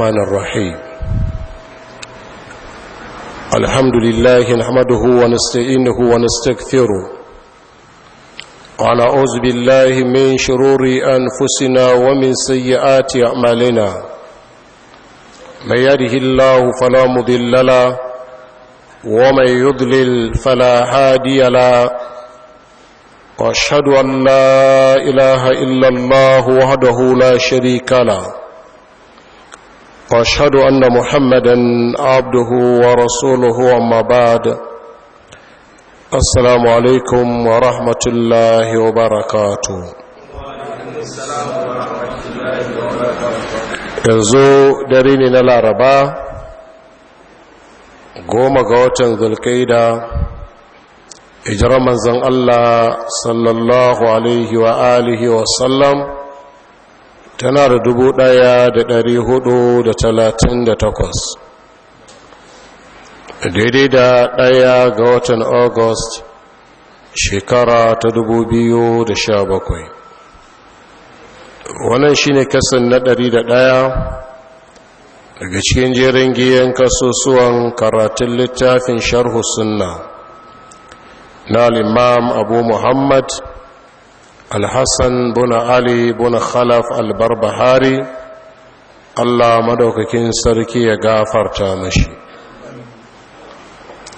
الرحمن الرحيم الحمد لله نحمده ونستعينه ونستكثره ونعوذ بالله من شرور أنفسنا ومن سيئات أعمالنا من يده الله فلا مضل له ومن يضلل فلا هادي له واشهد ان لا اله الا الله وحده لا شريك له واشهد ان محمدا عبده ورسوله اما بعد السلام عليكم ورحمه الله وبركاته yanzu dare ne na laraba goma ga watan zulkaida ijirar manzan allah sallallahu alaihi wa alihi wasallam tana da dubu ɗaya da dari hudu da talatin da takwas daidai da ɗaya ga watan august shekara ta dubu biyu da sha bakwai wannan shine kasan na dari da ɗaya daga cikin jerin giyan kasusuwan karatun littafin sharhu sunna na limam abu muhammad alhassan buna ali buna khalaf albarbahari allah madaukakin sarki ya gafarta mashi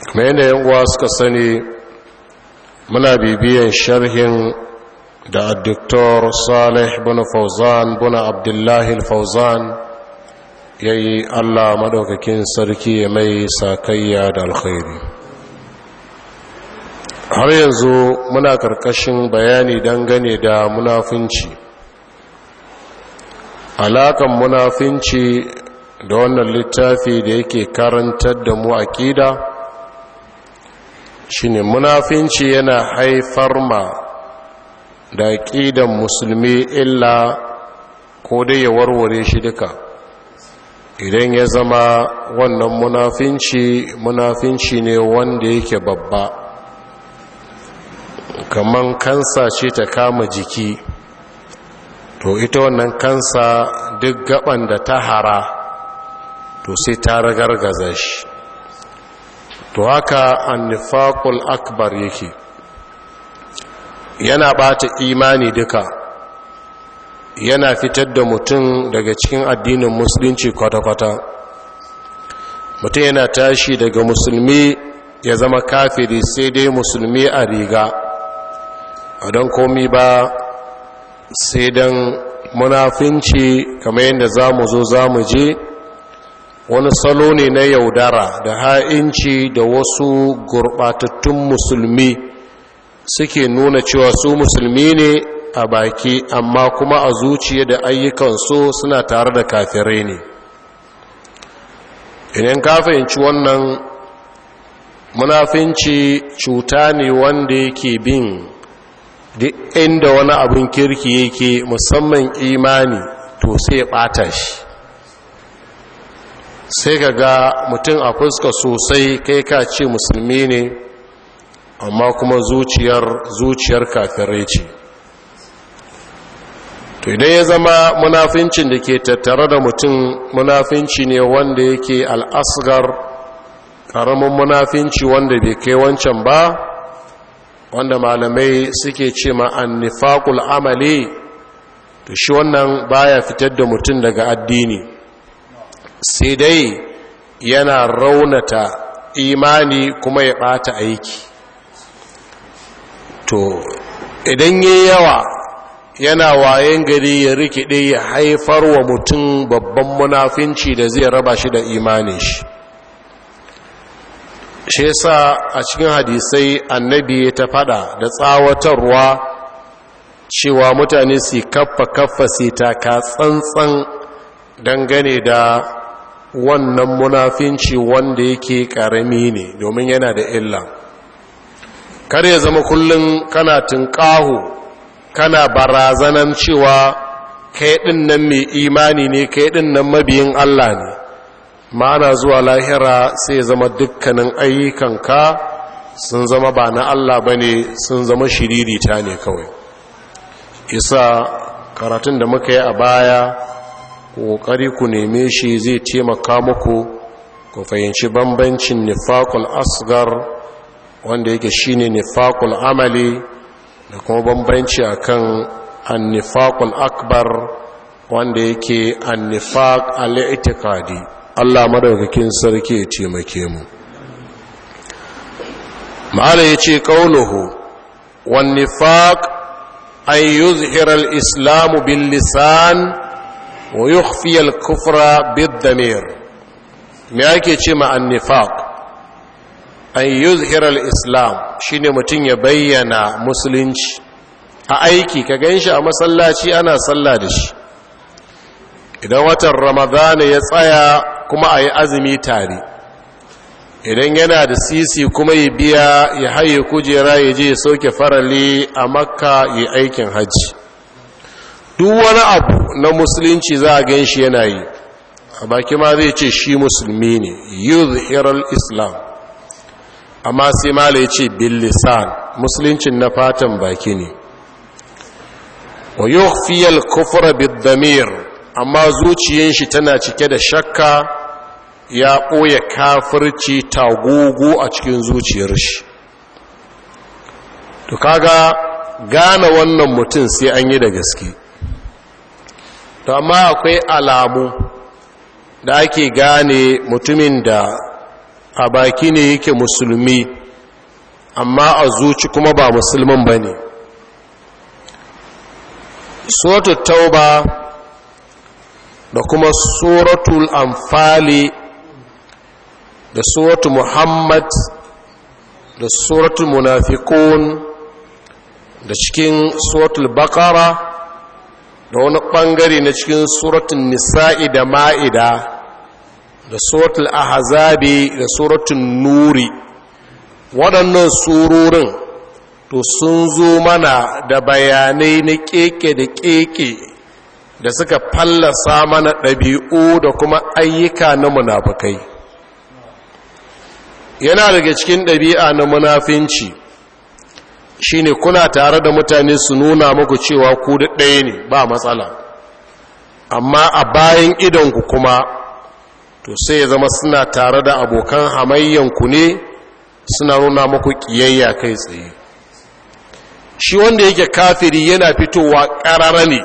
kuma yadda yankuwa suka sani muna bibiyan sharhin da addiktor salih buna fauzan buna abdullahi fauzan ya yi allah madaukakin sarki ya mai sakayya da alkhairi har yanzu muna karkashin bayani dangane da munafinci alakan munafinci da wannan littafi da yake karantar da mu shi shine munafinci yana haifar ma da ƙidan musulmi illa ko dai ya warware shi duka idan ya zama wannan munafinci munafinci ne wanda yake babba kaman kansa ce ta kama jiki to ita wannan kansa duk gaban da ta hara to sai ta ragargaza shi to haka annifaqul akbar yake yana bata imani duka yana fitar da mutum daga cikin addinin musulunci kwata-kwata mutum yana tashi daga musulmi ya zama kafiri sai dai musulmi a riga a don komi ba sai don munafinci kamar yadda za mu zo za mu je wani salo ne na yaudara da ha'inci da wasu gurbatattun musulmi suke nuna cewa su musulmi ne a baki amma kuma a zuciya da ayyukansu suna tare da kafirai ne idan ka fahimci wannan munafinci cuta ne wanda yake bin duk inda wani abin kirki yake musamman imani to sai ya bata shi sai ka ga mutum a fuska sosai kai ka ce musulmi ne amma kuma zuciyar zuciyar kafirai ce to idan ya zama munafincin da ke tattare da mutum munafinci ne wanda yake al'asgar ƙaramin munafinci wanda bai kai wancan ba wanda malamai suke ce ma annifaqul amali to shi wannan baya fitar da mutum daga addini sai dai yana raunata imani kuma ya bata aiki to idan yi yawa yana wayan gari ya rikide ya haifar wa mutum babban munafinci da zai raba shi da imanin shi shi sa a cikin hadisai annabi ta fada da tsawatarwa cewa mutane su kaffa kaffa su taka tsantsan dangane da wannan munafinci wanda yake karami ne domin yana da illa kar ya zama kullum kana tunƙaho kana barazanan cewa kai ɗin nan mai imani ne kai ɗin nan mabiyin Allah ne ma'ana zuwa lahira sai zama dukkanin ayyukan ka sun zama ba na Allah ba ne sun zama shiriri ta ne kawai isa karatun da muka yi a baya ƙoƙari ku neme shi zai taimaka muku ku fahimci bambancin nifakul asgar wanda yake shine nifakul amali da kuma bambanci akan annifakul akbar wanda yake annifak al-i'tiqadi Allah madaukakin sarki ya taimake mu ma'ana ya ce ƙaunuhu wan nifaq an yuzhira al-islamu bil lisan wa yukhfi al-kufra bid damir me yake ce ma an nifaq an yuzhira al-islam shine mutun ya bayyana musulunci a aiki ka ganshi a masallaci ana sallah da shi idan watan ramadana ya tsaya kuma a yi azumi tare idan yana da sisi kuma ya biya ya haye kujera ya je ya soke farali a makka ya aikin hajji duk wani abu na musulunci za a gan shi yana yi a baki ma zai ce shi musulmi ne iral islam amma sai mala ya ce billisan musuluncin na fatan baki ne wa yukhfiyal kufra bid damir amma zuciyar shi tana cike da shakka ya ɓoye kafirci gugu a cikin zuciyar shi to kaga gane wannan mutum sai an yi da gaske to amma akwai alamu da ake gane mutumin da a baki ne yake musulmi amma a zuci kuma ba musulman ba ne suratul tauba da kuma suratul amfali da suratu muhammad da suratu munafikun da cikin suratul bakara da wani ɓangare na cikin suratun nisa'i da ma'ida da suratul ahazabi da suratun nuri waɗannan surorin to sun zo mana da bayanai na keke da keke da suka fallasa mana ɗabi'u da kuma ayyuka na munafukai yana daga cikin ɗabi'a na munafinci shine kuna tare da mutane su nuna muku cewa ku da ɗaya ne ba matsala amma a bayan idonku kuma to sai ya zama suna tare da abokan hamayyanku ne suna nuna muku ƙiyayya kai tsaye shi wanda yake kafiri yana fitowa ƙarara ne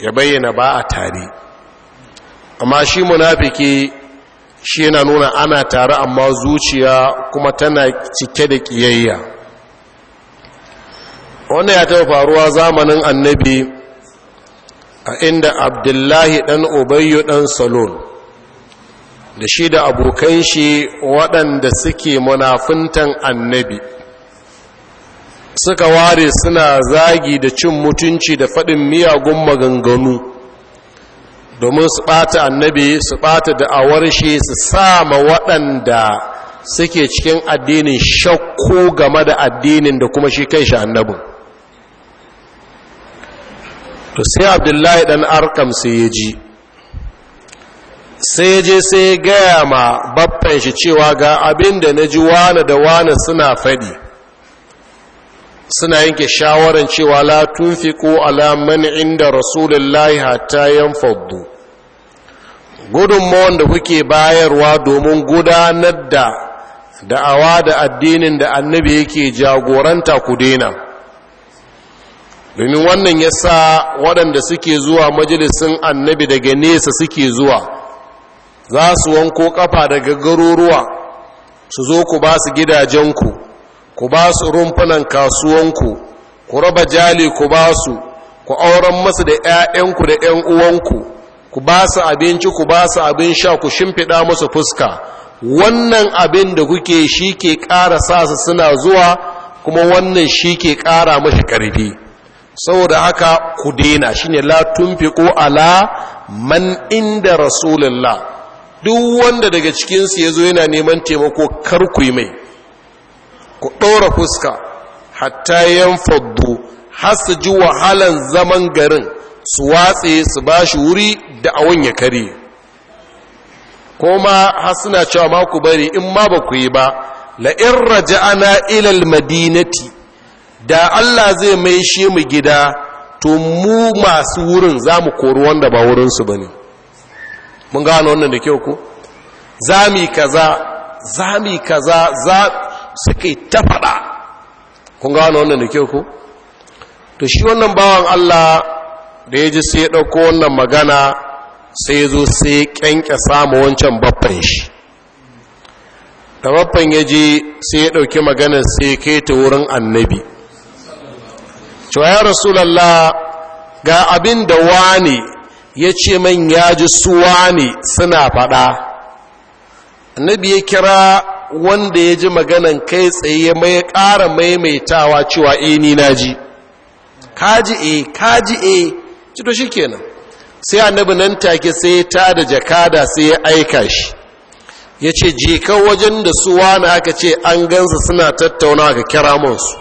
ya bayyana ba a tare amma shi munafiki shi yana nuna ana tare amma zuciya kuma tana cike da kiyayya. wannan ya taɓa faruwa zamanin annabi a inda abdullahi ɗan obayu ɗan salon da shi da abokan shi waɗanda suke munafuntan annabi suka ware suna zagi da cin mutunci da faɗin miyagun maganganu domin su ɓata annabi su ɓata da'awar shi su sama waɗanda suke cikin addinin shakku game da addinin da kuma shi kai shi annabin to sai abdullahi ɗan arkam sai ya ji sai ya je sai gaya ma baffan shi cewa ga abin da na ji wane da wane suna faɗi suna yanke shawarar cewa la fi ko alamani inda rasulullahi hatta yanfaddu gudunmawan da kuke bayarwa domin gudanar da da'awa da addinin da annabi yake jagoranta ku daina domin wannan ya sa waɗanda suke zuwa majalisun annabi daga nesa suke zuwa za su wanko ƙafa daga garuruwa su zo ku ba su gidajenku ku ba su rumfunan kasuwanku ku raba jali ku ba su ku auren masu da 'ya'yanku da 'yan uwanku ku ba su abinci ku ba su abin sha ku shimfiɗa musu fuska wannan abin da kuke shi ke ƙara sa su suna zuwa kuma wannan shi ke ƙara mashi ƙarfi saboda haka ku dena shi ne la ko ala man inda rasulullah duk wanda daga cikinsu ya zo yana neman taimako kar mai ku ɗora fuska hatta yan faddu har su ji wahalan zaman garin su watse su ba shi wuri da awon ya kare ma har suna cewa ma ku bari in ma ba ku yi ba la'in raja'ana ilal madinati da Allah zai mai shi mu gida to mu masu wurin za mu kori wanda ba wurinsu ba ne mun gano wannan da kyau ko za mu kaza za mu kaza za suka yi ta faɗa kun gano wannan da kyau ko to shi wannan bawan Allah da ya ji sai ya ɗauko wannan magana sai ya zo sai ya ƙyanƙya samu wancan baffan shi da baffan ya je sai ya ɗauki maganar sai ya kai ta wurin annabi cewa ya rasulallah ga abin da wani ya ce man ya ji su wani suna faɗa annabi ya kira wanda ya ji maganan kai tsaye mai ƙara maimaitawa cewa e ni na ji kaji e eh, kaji e eh. ci to kenan sai annabi nan take sai ta da jakada sai ya aika shi ya ce jika wajen da su wani aka ce an gansa suna tattauna ka kira mansu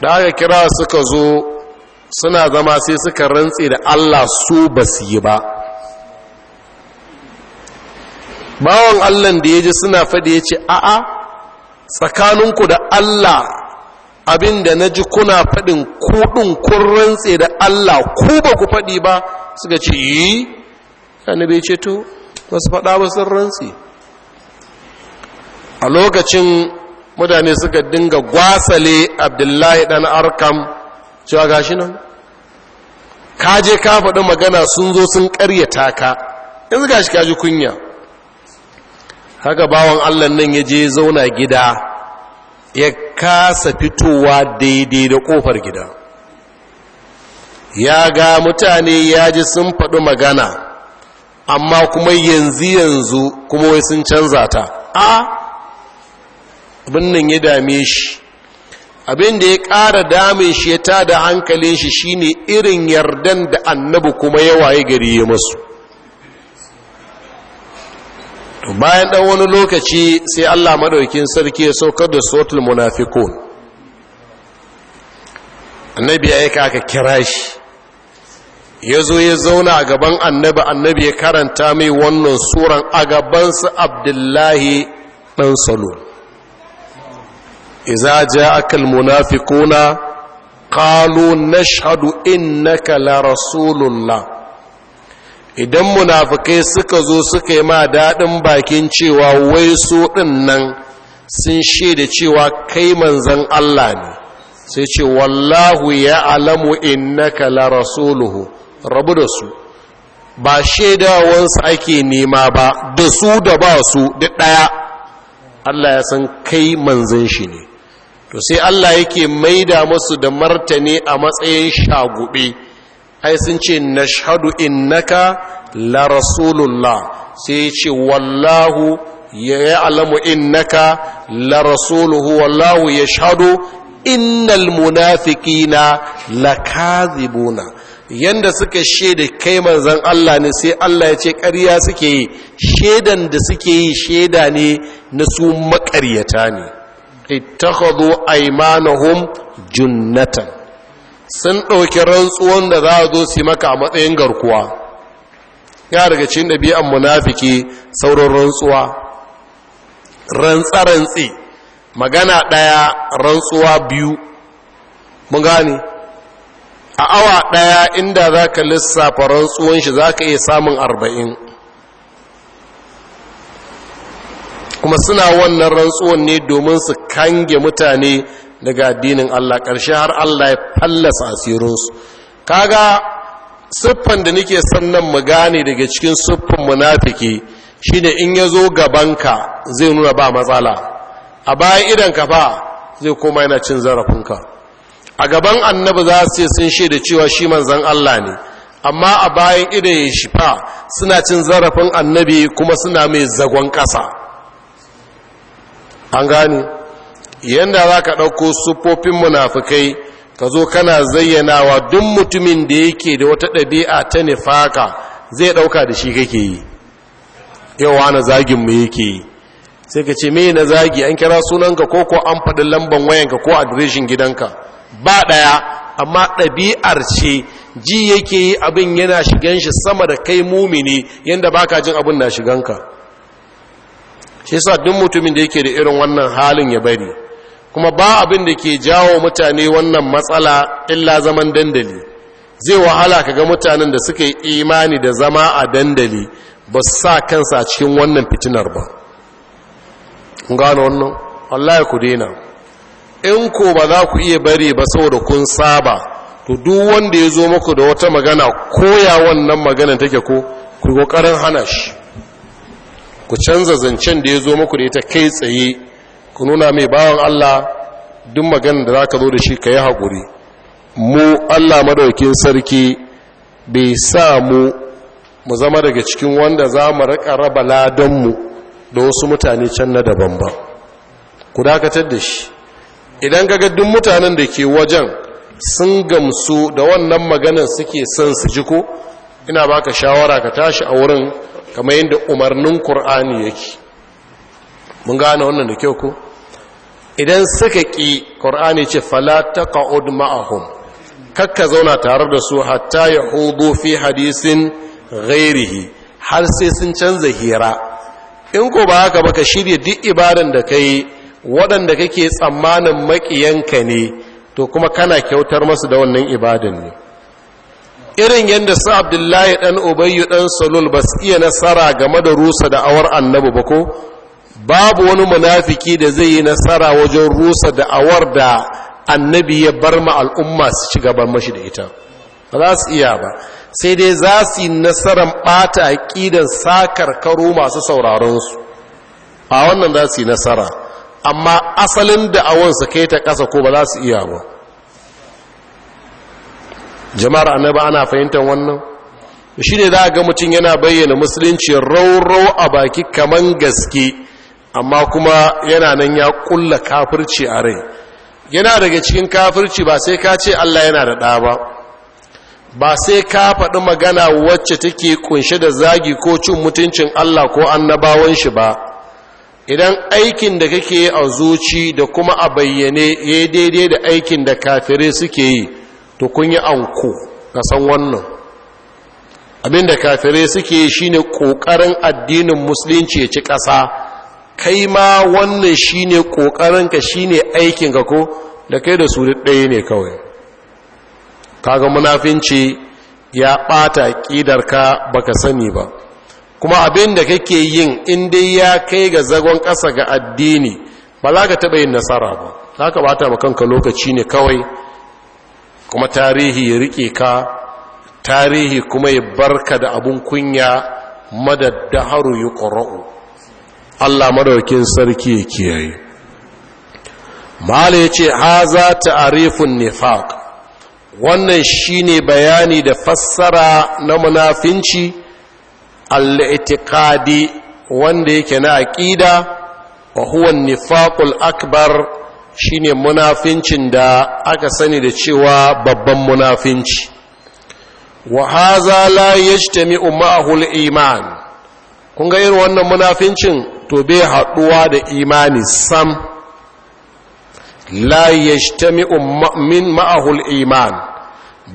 da aka kira suka zo suna zama sai suka rantse da allah su ba su yi ba bawon allan da ya ji suna faɗi ya ce a'a tsakaninku da allah abin da na ji kuna faɗin kuɗin kun rantse da Allah ku ba ku faɗi ba suka ce yi annabi ce to ba su faɗa ba sun rantse a lokacin mutane suka dinga gwasale abdullahi ɗan arkam cewa gashi nan ka je ka faɗi magana sun zo sun ƙaryata ka yanzu gashi ka ji kunya haka bawan allah nan ya je zauna gida ya kasa fitowa daidai da kofar gida ya ga mutane ya ji sun faɗi magana amma kuma yanzu yanzu kuma wai sun canza ta a abin ya dame shi abin da ya ƙara damin shi ya tada hankalin shi shine irin yardan da annabi kuma ya gari ya masu to bayan ɗan wani lokaci sai allah maɗaukin sarki ya saukar da suratul munafiqun annabi ya aika aka kira shi ya zo ya zauna a gaban annabi annabi ya karanta mai wannan suran a gaban su abdullahi dan salo iza ja'aka akal qalu nashhadu innaka la rasulullah idan munafukai suka zo suka yi ma daɗin bakin cewa wai su ɗin nan sun shaida cewa kai manzan Allah ne sai ce wallahu ya alamu innaka la rasuluhu rabu da su ba shaidawansu ake nema ba da su da ba su da ɗaya Allah ya san kai manzan shi ne to sai Allah yake maida musu da martani a matsayin shagube ai sun ce nashhadu innaka la rasulullah sai ya ce wallahu ya alamu innaka la rasuluhu wallahu yashhadu innal munafiqina lakazibuna yanda suka shaida kai manzon Allah ne sai Allah ya ce ƙarya suke yi shaidan da suke yi shaida ne na su maƙaryata ne ittakhadhu aymanahum junnatan sun ɗauki rantsuwan da za a zo su maka a matsayin garkuwa ya daga cin ɗabi'an munafiki sauran rantsuwa rantsa-rantsi magana ɗaya rantsuwa biyu mun gane a awa ɗaya inda za ka lissafa rantsuwan shi za ka iya samun arba'in kuma suna wannan rantsuwan ne domin su kange mutane daga addinin Allah ƙarshe har Allah ya fallasa asirinsu kaga siffan da nake sannan mu gane daga cikin siffan munafiki shine in ya zo gabanka zai nuna ba matsala a bayan idanka fa zai koma yana cin zarafinka a gaban annabi za su sun shaida cewa shi manzan Allah ne amma a bayan idan ya shi fa suna cin zarafin annabi kuma suna mai zagon ƙasa an gane yanda za ka ɗauko siffofin munafukai ka zo kana zayyanawa duk mutumin da yake da wata ɗabi'a ta nifaka zai ɗauka da shi kake yi yawa na zaginmu yake yi sai ka ce me na zagi an kira sunanka ko ko an faɗi lamban wayanka ko adireshin gidanka ba ɗaya amma ɗabi'ar ce ji yake yi abin yana shigan shi sama da kai mumini yadda baka jin abin na shiganka shi sa duk mutumin da yake da irin wannan halin ya bari kuma ba abin da ke jawo mutane wannan matsala illa zaman dandali zai wahala ka ga mutanen da suka yi imani da zama a dandali ba sa kansa a cikin wannan fitinar ba gano wannan Allah ya ku daina in ko ba za ku iya bari ba saboda kun saba to duk wanda ya zo muku da wata magana koya wannan magana take ko ku kokarin hana shi ku canza zancen da ya zo muku da ita kai tsaye ku nuna mai bawan Allah duk magana da za ka zo da shi ka yi haƙuri mu Allah madaukin sarki bai sa mu mu zama daga cikin wanda za mu raƙa raba ladanmu da wasu mutane can na daban ba ku dakatar da shi idan ga duk mutanen da ke wajen sun gamsu da wannan maganar suke son su ji ko ina baka shawara ka tashi a wurin kamar yadda umarnin Kur'ani yake mun gane wannan da kyau ko idan suka ƙi ƙor'ani ce fala ta ƙa'ud ma'ahum kakka zauna tare da su hatta ya hudu fi hadisin ghairihi har sai sun canza hira in ko ba haka baka shirya duk ibadan da ka yi waɗanda kake tsammanin maƙiyanka ne to kuma kana kyautar masu da wannan ibadan ne irin yadda su abdullahi ɗan ubayyu ɗan salul ba iya nasara game da rusa da awar annabi ba ko babu wani munafiki da zai yi nasara wajen rusa da awar da annabi ya bar ma al'umma su ci gaban mashi da ita ba za su iya ba sai dai za su yi nasarar ɓata aƙidan sakar karo masu sauraronsu a wannan za su yi nasara amma asalin da'awar su kai ta ƙasa ko ba za su iya ba jama'ar annabi ana fahimtar wannan shi ne za a ga mutum yana bayyana musulunci rauro a baki kaman gaske amma kuma yana nan ya kulla kafirci a rai yana daga cikin kafirci ba sai ka ce Allah yana da ɗa ba ba sai ka faɗi magana wacce take kunshe da zagi ko cin mutuncin Allah ko annabawan shi ba idan aikin da kake yi a zuci da kuma a bayyane ya yi daidai da aikin da kafirai suke yi to kun yi anko ka san wannan abinda kafirai suke yi shine ƙoƙarin addinin musulunci ya ci ƙasa kai ma wannan shi ne shine shi shine aikinka ko da kai da su ɗaya ne kawai kaga munafinci ya ɓata ƙidarka baka sani ba kuma abin da kake yin in dai ya kai ga zagon ƙasa ga addini ba za ka taɓa yin nasara ba za ka ɓata ma kanka lokaci ne kawai kuma tarihi ya riƙe ka tarihi kuma ya barka da abin kunya haru yi ƙora'u Allah madaukin sarki ya kiyaye mala yace haza ta'arifun nifaq wannan shine bayani da fassara na munafinci al-i'tiqadi wanda yake na aqida wa huwa an-nifaqul akbar shine munafincin da aka sani da cewa babban munafinci wa haza la yajtami'u ma'ahu al-iman kun ga irin wannan munafincin to bai haɗuwa da imani sam la yajtami'u min ma'ahul iman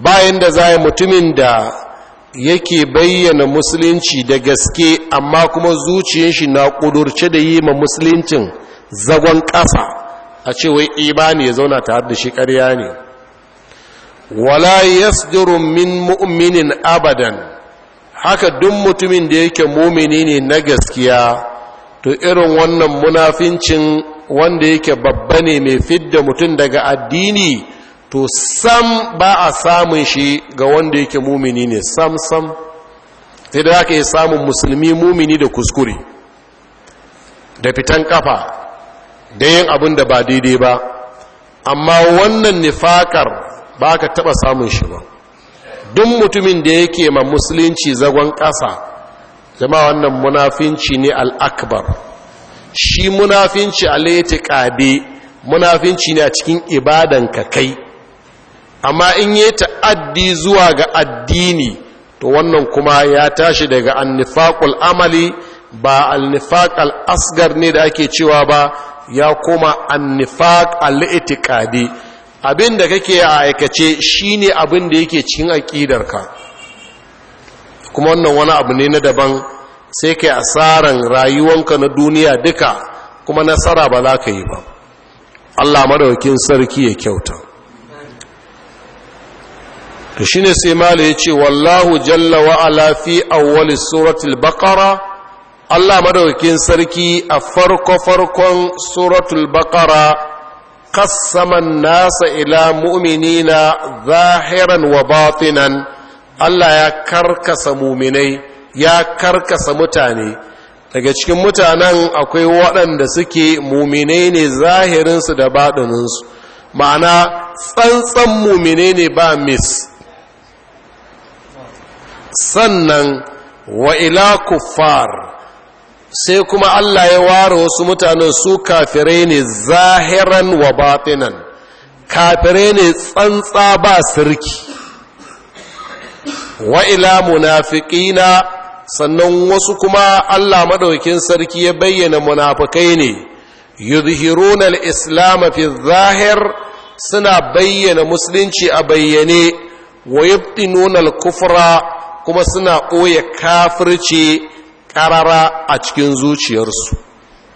bayan da za zai mutumin da yake bayyana musulunci da gaske amma kuma zuciyar shi na ƙudurce da yi ma musuluncin zagon ƙasa a ce wai imani ya zauna tare da shi ƙarya ne wala yasduru min mu'minin abadan haka duk mutumin da yake mumini ne na gaskiya to irin wannan munafincin wanda yake babba ne mai fidda mutum daga addini to sam ba a samun shi ga wanda yake mumini ne sam sam sai da aka yi samun musulmi mumini da kuskure da fitan kafa da yin abin da ba daidai ba amma wannan nifakar ba ka taba samun shi ba duk mutumin da yake ma musulunci zagon ƙasa jama wannan munafinci ne al'akbar shi munafinci alaiti ƙade, munafinci ne a cikin ibadan ka kai amma in yi ta'addi zuwa ga addini to wannan kuma ya tashi daga annifaqul amali ba annifaqal asgar ne da ake cewa ba ya koma annifaq abin da kake a aikace shine abin da yake cikin aƙidarka kuma wannan wani abu ne na daban sai kai asaran rayuwanka na duniya duka kuma nasara ba za ka yi ba Allah madaukin sarki ya kyauta to shine sai mala ce wallahu jalla wa ala fi awwal suratul baqara Allah madaukin sarki a farko farkon suratul baqara قسم nasa ila mu'minina zahiran وباطنا الله Allah ya karkasa muminai ya karkasa mutane daga cikin mutanen akwai waɗanda suke muminai ne zahirinsu da baɗininsu ma'ana tsantsan muminai ne ba mis sannan wa ila kuffar sai kuma Allah ya ware wasu mutanen su kafire ne zahiran wa batinan kafire ne tsantsa ba sirki wa ila munafiqina sannan wasu kuma Allah madaukin sarki ya bayyana munafikai ne yuzhiruna al-islam fi zahir suna bayyana musulunci a bayyane wa yubtinuna al-kufra kuma suna ɓoye kafirci Karara a cikin zuciyarsu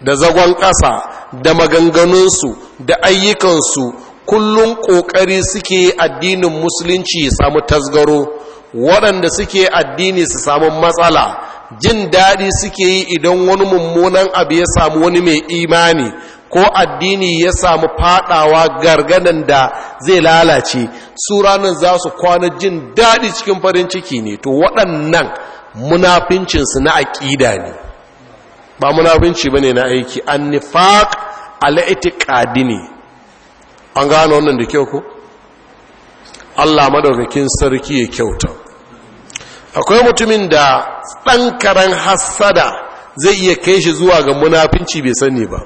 da zagon ƙasa da maganganunsu da ayyukansu kullum ƙoƙari suke addinin musulunci samu tasgaro waɗanda suke addini su samu matsala jin daɗi suke yi idan wani mummunan abu ya samu wani mai imani ko addini ya samu faɗawa garganan da zai lalace su ranar za su kwana jin daɗi cikin farin ciki ne to waɗannan munafincinsu na aƙida ne ba munafinci ba ne na aiki an ala'iti ƙadi ne an gano wannan da kyau ko? Allah madaukakin sarki ya kyauta akwai mutumin da ɗankaren hassada zai iya kai shi zuwa ga munafinci bai sani ba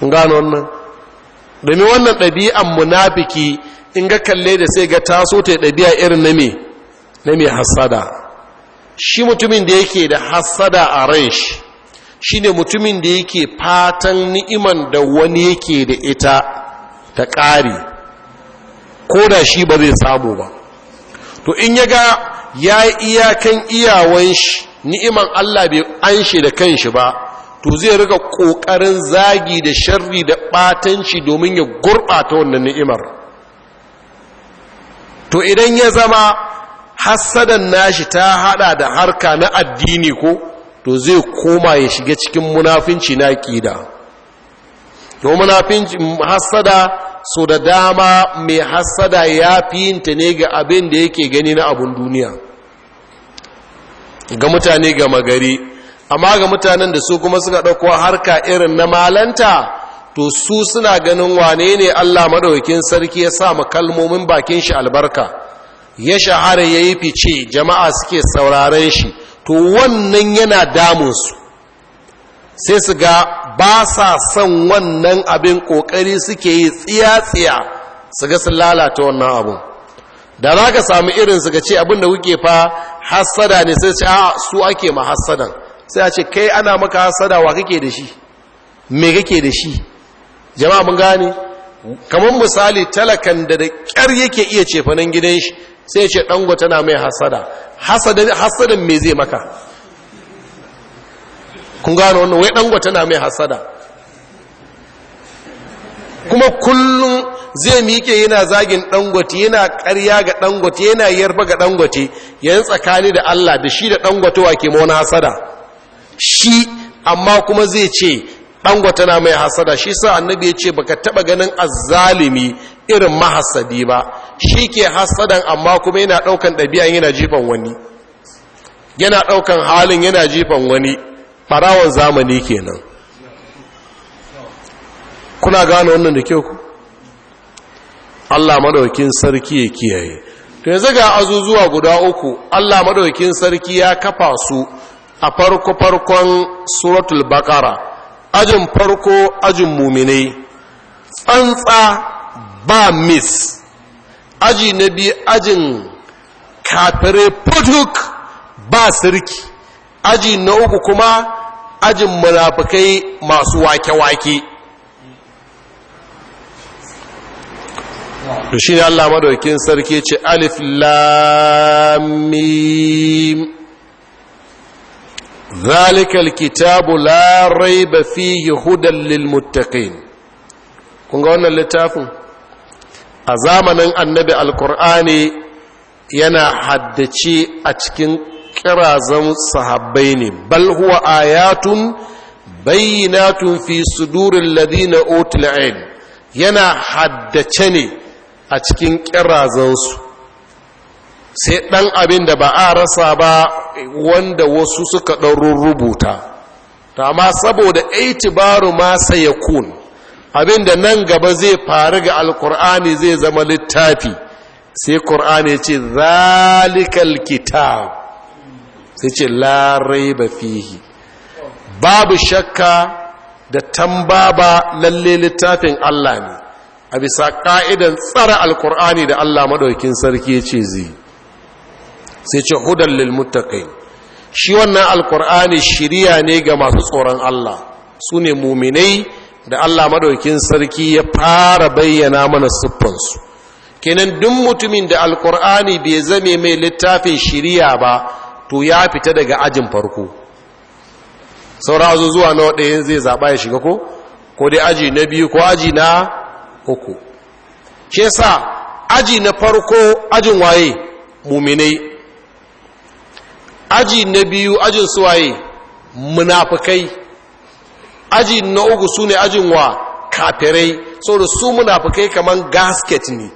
An gano wannan domin wannan ɗabi'an munafiki in ga kalle da sai ga taso ta ɗabi'a irin na mai, na hassada shi mutumin da yake da hassada a ran shi shi ne mutumin da yake fatan ni'iman da wani yake da ita ta ƙari ko da shi ba zai samu ba to in ya ga ya yi iyakan iyawan shi ni'iman Allah bai shi da kanshi ba to zai rika ƙoƙarin zagi da sharri da ɓatanci domin ya gurɓata wannan ni'imar to idan ya zama hassadan nashi ta hada da harka na addini ko to zai koma ya shiga cikin munafinci na ƙida to munafinci hassada so da dama mai hassada ya fi yinta ne ga abin da yake gani na abin duniya ga mutane ga magari amma ga mutanen da su kuma suka ɗauko harka irin na malanta to su suna ganin wane ne allah maɗaukin sarki ya sa kalmomin bakin shi albarka ya shahara ya yi fice jama'a suke sauraren shi to wannan yana damunsu sai su ga ba sa son wannan abin ƙoƙari suke yi tsiya-tsiya su ga sun lalata wannan abin da za ka sami irin su ga ce abin da kuke fa hassada ne sai ce a su ake ma hassadan sai a ce kai ana maka hassada wa kake da shi me kake da shi jama'a mun gane kamar misali talakan da da ƙyar yake iya cefanen gidan shi sai ce dango tana mai hasada hasadan mai zai maka kun gano wannan wai dango tana mai hasada kuma kullum zai miƙe yana zagin dangote yana ƙarya ga dangote yana yarba ga dangote yayin tsakani da Allah da shi da dangotewa ke mawana hasada shi amma kuma zai ce dangote na mai hasada shi sa annabi ya ce baka taɓa ganin azzalimi irin mahasadi ba shi ke hasadan amma kuma yana ɗaukan dabi'a yana jifan wani yana ɗaukan halin yana jifan wani Farawon zamani kenan kuna gano wannan da kyau Allah madaukin sarki ya kiyaye to yanzu ga azuzuwa guda uku Allah madaukin sarki ya kafa su a farko farkon suratul baqara ajin farko ajin muminai tsantsa ba miss aji na biyu ajin kafirai putuk ba sirki aji na uku kuma ajin munafukai masu wake-wake to shi ne Allah madaukin sarki ce alif lamim ذلك الكتاب لا ريب فيه هدى للمتقين kun ga wannan littafin a zamanin annabi alkur'ani yana haddace a cikin kirazan sahabbai ne bal huwa ayatun bayyinatun fi sudurin ladina Otulain yana haddace ne a cikin kirazansu sai ɗan abin da ba a rasa ba wanda wasu suka ɗaurin rubuta ta ma saboda masa ma sayakun abinda nan gaba zai faru ga alkur'ani zai zama littafi sai kur'ani ce zalikal kitab sai ce larai ba fihi babu shakka da tambaba lalle littafin Allah ne a bisa ka'idan tsara alkur'ani da Allah maɗaukin sarki ce zai sai ce hudan lilmuttakai shi wannan alkur'ani shirya ne ga masu tsoron Allah su ne muminai da Allah maɗaukin sarki ya fara bayyana mana siffansu kenan duk mutumin da alkur'ani bai zame mai littafin shiriya ba to ya fita daga ajin farko saura zuwa na ɗayan zai zaba ya shiga ko ko dai aji na biyu ko aji na uku ke sa aji na farko ajin waye muminai aji na biyu ajin su waye munafukai aji na uku su ne ajin wa kafirai da su muna fukai kamar gasket ne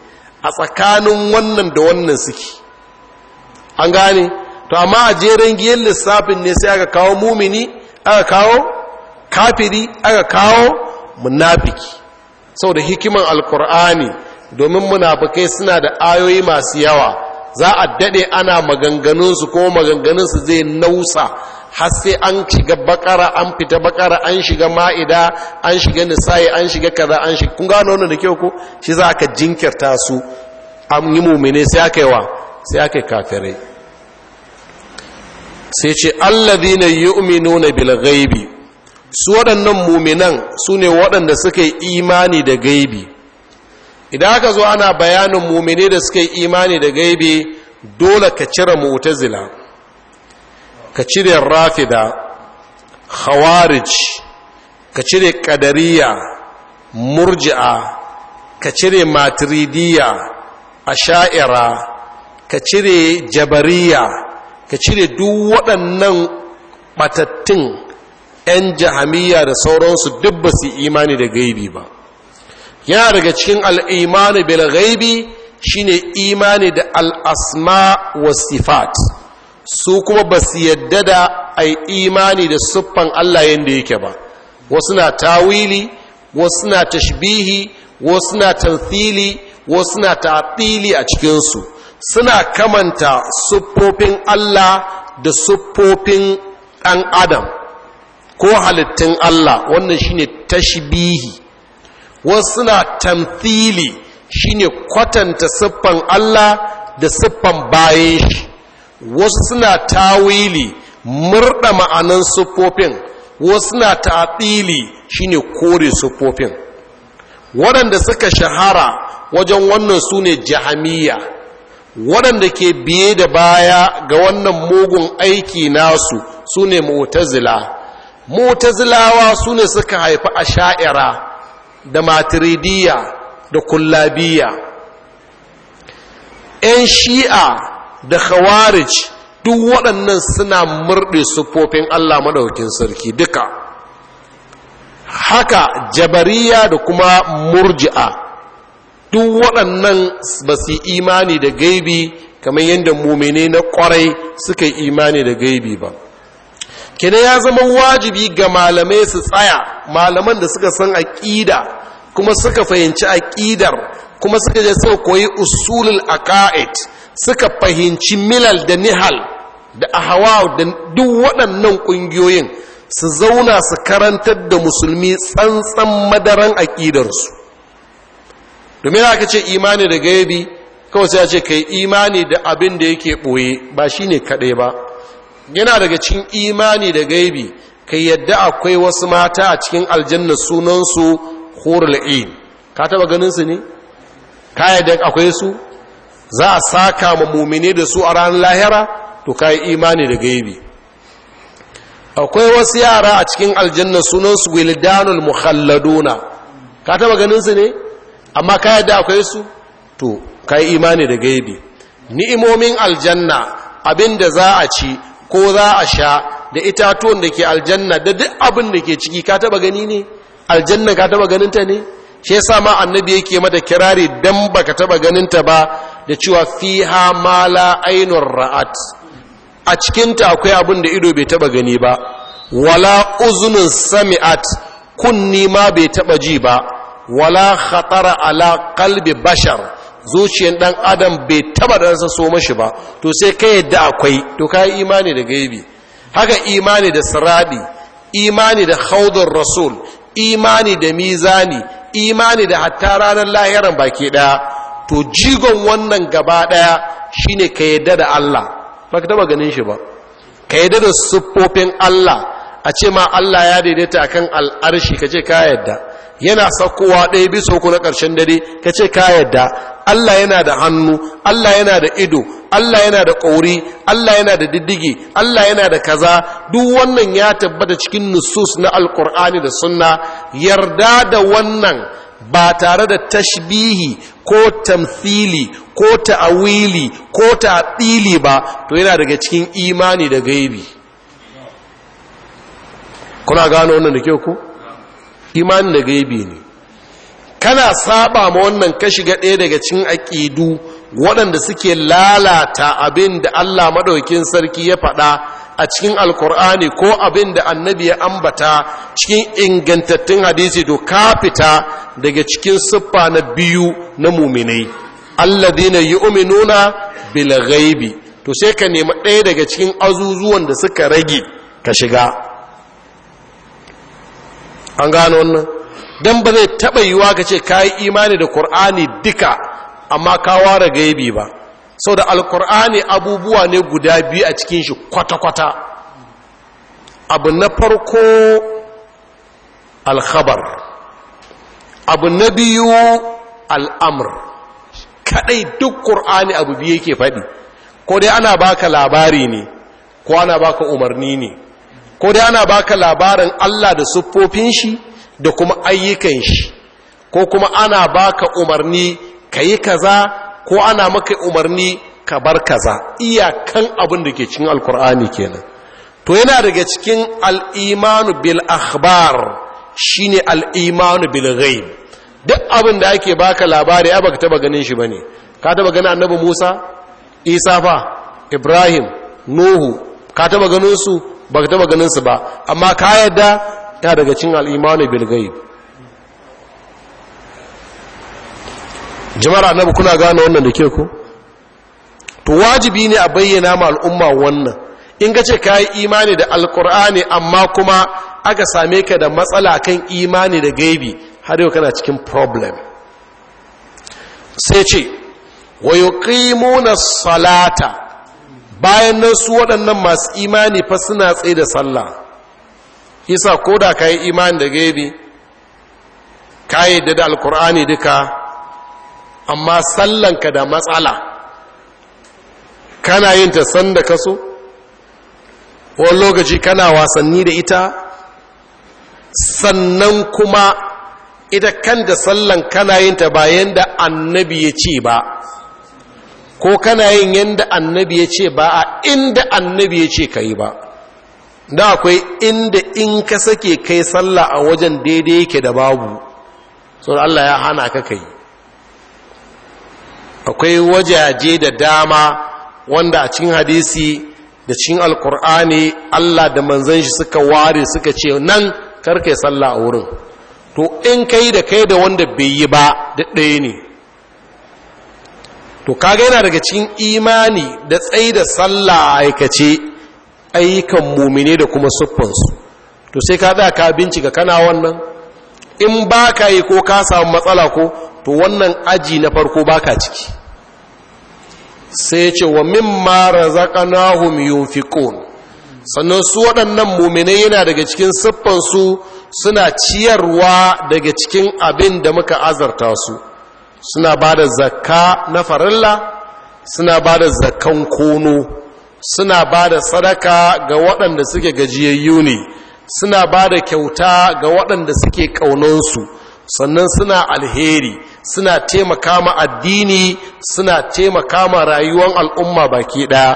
a tsakanin wannan da wannan suke an gane to amma a jeren giyan lissafin ne sai aka kawo mumini aka kawo kafiri aka kawo munafiki da hikiman alkur'ani domin munafikai suna da ayoyi masu yawa za a daɗe ana maganganunsu ko maganganunsu zai nausa har sai an shiga bakara an fita bakara an shiga ma'ida an shiga nisa'i an shiga kaza an shiga kun gano wannan da kyau ko shi za ka jinkirta su an yi mumine sai aka yi wa sai aka yi kafirai sai ce yi yu'minuna bil ghaibi su waɗannan muminan su ne waɗanda suka yi imani da gaibi idan aka zo ana bayanin mumine da suka yi imani da gaibi dole ka cire mu'tazila ka cire rafida khawarij ka cire ƙadariya, murji'a ka cire matiridiya asha'ira ka cire jabariya ka cire duk waɗannan ɓatattun 'yan jahamiya da sauransu duk ba su imani da gaibi ba yana daga cikin al'imani bil gaibi shine imani da al'asma wa sifat su kuma ba su yadda da a imani da siffan Allah yadda yake ba wasu na tawili wasu na tashbihi wasu na tamthili wasu na ta'tili a cikinsu suna kamanta siffofin Allah da siffofin ɗan adam ko halittun Allah wannan shine tashbihi wasu na tamthili shine kwatanta siffan Allah da siffan bayan shi wasu suna tawili murda ma'anin siffofin wasu suna shi shine kore siffofin waɗanda suka shahara wajen wannan su ne jahamiya waɗanda ke biye da baya ga wannan mugun aiki nasu su ne motazila motazilawa su ne suka haifi a sha'ira da matiridiya da kullabiya 'yan shi'a da khawarij duk waɗannan suna murɗe siffofin Allah maɗaukin sarki duka haka jabariya da kuma murji'a duk waɗannan ba su imani da gaibi kamar yadda mumine na ƙwarai suka yi imani da gaibi ba kene ya zama wajibi ga malamai su tsaya malaman da suka san aƙida kuma suka fahimci aƙidar kuma suka je suka koyi usulul aqaid suka fahimci milal da nihal da hawa da duk waɗannan ƙungiyoyin su zauna su karantar da musulmi tsantsan madaran aƙidarsu domin haka ce imani da gaibi kawai sai ce kai imani da abin da yake ɓoye ba shi ne kaɗai ba yana daga cikin imani da gaibi kai yadda akwai wasu mata a cikin aljanna sunansu horul'in ka taɓa ganinsu ne ka yadda akwai su za a saka ma mumine da su a ranar lahira to ka yi imani da gaibi akwai wasu yara a cikin aljanna sunansu wildanul mukhalladuna ka taba ganin su ne amma ka yadda akwai su to ka yi imani da gaibi ni'imomin aljanna abinda za a ci ko za a sha da itatuwan da ke aljanna da duk abin da ke ciki ka taba gani ne aljanna ka taba ganin ta ne shi yasa ma annabi yake mata kirari dan baka taba ganin ta ba da cewa fiha mala ainur ra'at a cikin ta akwai abin da ido bai taba gani ba wala uzunun sami'at kunni ma bai taba ji ba wala khatara ala qalbi bashar zuciyar dan adam bai taba da so mashi ba to sai kai yadda akwai to kai imani da gaibi haka imani da sirabi imani da haudar rasul imani da mizani imani da hatta ranar lahiran baki ɗaya to jigon wannan gaba ɗaya shine ka yadda da Allah ba ka taba ganin shi ba ka yadda da siffofin Allah a ce ma Allah ya daidaita akan al'arshi ka ce ka yadda yana sakowa ɗaya bisa uku na ƙarshen dare ka ce ka yadda Allah yana da hannu Allah yana da ido Allah yana da ƙauri Allah yana da diddigi Allah yana da kaza duk wannan ya tabbata cikin nusus na alkur'ani da sunna yarda da wannan ba tare da tashbihi ko tamthili ko ta'awili ko ta'dili ba to yana daga cikin imani da gaibi kuna gano wannan da kyau ko imanin da gaibi ne kana saba ma wannan ka shiga ɗaya daga cikin aƙidu waɗanda suke lalata abin da Allah maɗaukin sarki ya faɗa a cikin alkur'ani ko abin da annabi ya ambata cikin ingantattun hadisi to ka fita daga cikin siffa na biyu na muminai allah alladhina yi bil ghaibi to sai ka nemi ɗaya daga cikin azuzuwan da suka rage ka shiga an gano wannan don ba zai taɓa yiwuwa ka ce ka yi imani da ƙur'ani duka amma ka ware gaibi ba sau da alƙur'ani abubuwa ne guda biyu a cikin shi kwata-kwata abu na farko alkhabar abu na biyu al'amur kaɗai duk ƙur'ani abu biyu yake faɗi ko dai ana baka labari ne ko ana baka umarni ne ko dai ana baka labarin Allah da siffofin shi da kuma ayyukan shi ko kuma ana baka umarni ka yi kaza ko ana maka umarni ka bar kaza iyakan abin da ke cikin alkur'ani kenan to yana daga cikin al'imanu bil akhbar shine al'imanu bil ghaib duk abin da ake baka labari ya baka taba ganin shi bane ka taba ganin annabi Musa Isa fa Ibrahim Nuhu ka taba ganin su ba ka taba ganin su ba amma ka yadda ta daga cin al'imanu bil jama'ar annabi kuna gane wannan da ke ku to wajibi ne a bayyana ma al'umma wannan in ka ce ka yi imani da alkur'ani amma kuma aka same ka da matsala kan imani da gaibi har yau kana cikin problem sai ce wa yuqimuna salata bayan nan su waɗannan masu imani fa suna tsaye da sallah isa ko da ka yi imani da gebe ka yi da alkur'ani duka amma sallanka da matsala kana yin ta sanda da kaso, wani lokaci kana wasanni da ita sannan kuma ita kan da sallan kana yin ta bayan da annabi ya ce ba ko kana yin yadda annabi ya ce ba a inda annabi ya ce ka yi ba da akwai inda in ka sake kai sallah a wajen daidai yake da babu sun Allah ya hana ka kai akwai wajaje da dama wanda a cikin hadisi da cikin alkur'ani Allah da manzan shi suka ware suka ce nan karkai sallah a wurin to in kai da kai da wanda bai yi ba da ɗaya ne to kaga yana daga cikin imani da tsayi da a aikace ayyukan mumine da kuma siffansu to sai ka za ka bincika kana wannan in ba ka yi ko ka samu matsala ko to wannan aji na farko ba ka ciki sai ce wa mimma razaqnahum yunfiqun sannan su waɗannan muminai yana daga cikin siffansu suna ciyarwa daga cikin abin da muka azarta su suna ba da zakka na farilla suna ba da zakkan kono suna ba da sadaka ga waɗanda suke gajiyayyu ne suna ba da kyauta ga waɗanda suke ƙaunansu sannan suna alheri suna taimaka ma addini suna taimaka ma rayuwar al'umma baki ɗaya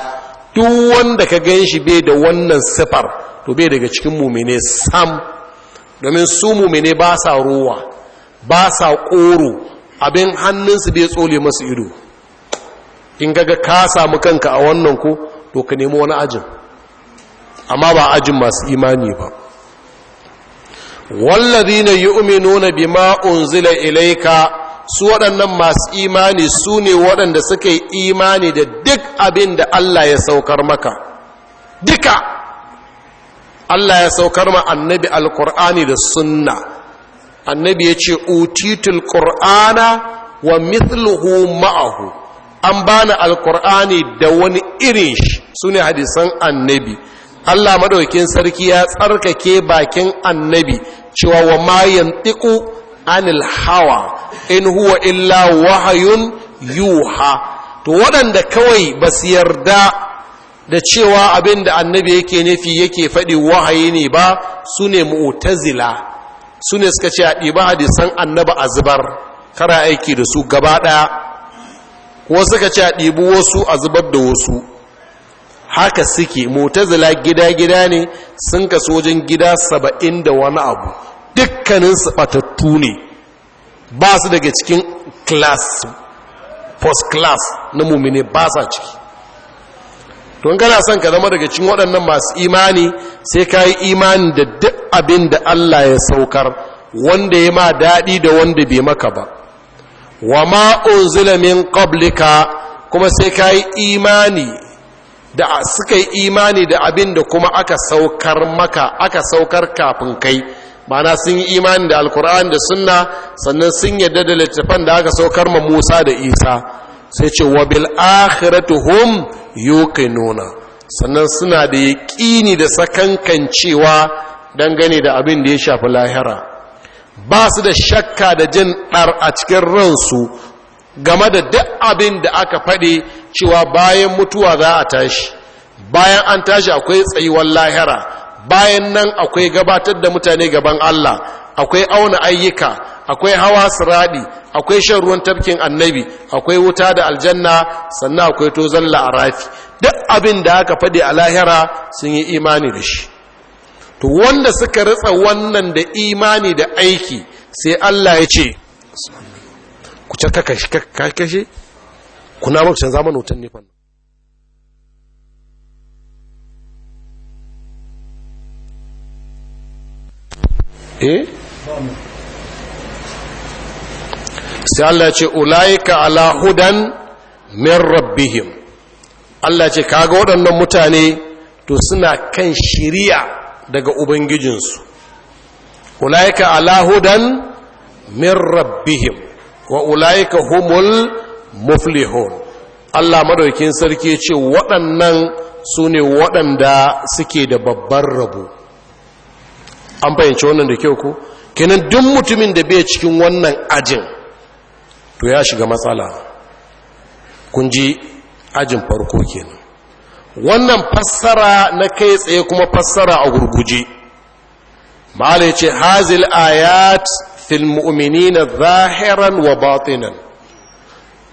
duk wanda ka gan shi bai da wannan sifar to bai daga cikin mumine sam domin su mumine ba sa ruwa, ba sa ƙoro abin hannunsu bai tsole masu ido in gaga ka samu kanka a wannan ko to ka nemi wani ajin amma ba ajin masu imani ba yi wallazina yu'minuna bima unzila ilaika su waɗannan masu imani su ne waɗanda suka yi imani da duk abin da Allah ya saukar maka duka Allah ya saukar ma annabi alkur'ani da sunna annabi ya ce utitul qur'ana wa mithluhu ma'ahu an bani alqur'ani da wani irin shi sune hadisan annabi Allah madaukakin sarki ya tsarkake bakin annabi cewa wa ma yantiqu anil hawa in huwa illa wahayun yuha to waɗanda kawai ba su yarda da cewa abinda annabi yake nufi yake faɗi wahayi ne ba su ne mu'tazila su ne suka ce a ɗiba hadisan annaba a zubar kara aiki da su gaba ɗaya ko suka ce a ɗibu wasu a zubar da wasu haka suke motazila gida-gida ne sun kaso wajen gida saba'in da wani abu dukkaninsu ɓatattu ne ba su daga cikin class post class na mummine ba sa ciki don kana son ka zama daga cikin waɗannan masu imani sai ka yi imani da duk abin da Allah ya saukar wanda ya ma daɗi da wanda bai maka ba wa ma'un zulamin ƙoblika kuma sai ka yi imani da suka yi imani da abin da kuma aka saukar maka aka saukar kafin kai mana sun yi imani da alkur'an da sunna sannan sun yadda da littattafan da aka saukar ma musa da isa sai ce wa bil akhiratu hum yuqinuna sannan suna da yaqini da sakankan cewa dangane da abin da ya shafi lahira ba su da shakka da jin dar a cikin ransu game da duk abin da aka faɗi cewa bayan mutuwa za a tashi bayan an tashi akwai tsayuwar lahira bayan nan akwai gabatar da mutane gaban Allah akwai auna ayyuka akwai hawa siradi akwai shan ruwan tafkin annabi akwai wuta da aljanna sannan akwai tozon la'arafi duk abin da aka faɗi a lahira sun yi imani da shi to wanda suka ritsa wannan da imani da aiki sai Allah ya ce ku caka kashe kuna makshin zamanin wutan nifan eh sai Allah ce ulaika ala hudan min rabbihim Allah ce kaga waɗannan mutane to suna kan shiriya daga ubangijinsu ulaika ala hudan min rabbihim wa ulaika humul muflihun Allah madaukin sarki ce waɗannan su ne waɗanda suke da babban rabo an fahimci wannan da kyau ko kenan duk mutumin da bai cikin wannan ajin to ya shiga matsala kun ji ajin farko kenan wannan fassara na kai tsaye kuma fassara a gurguje ma'ala ya ce hazil ayat fil mu'minina zahiran wa batinan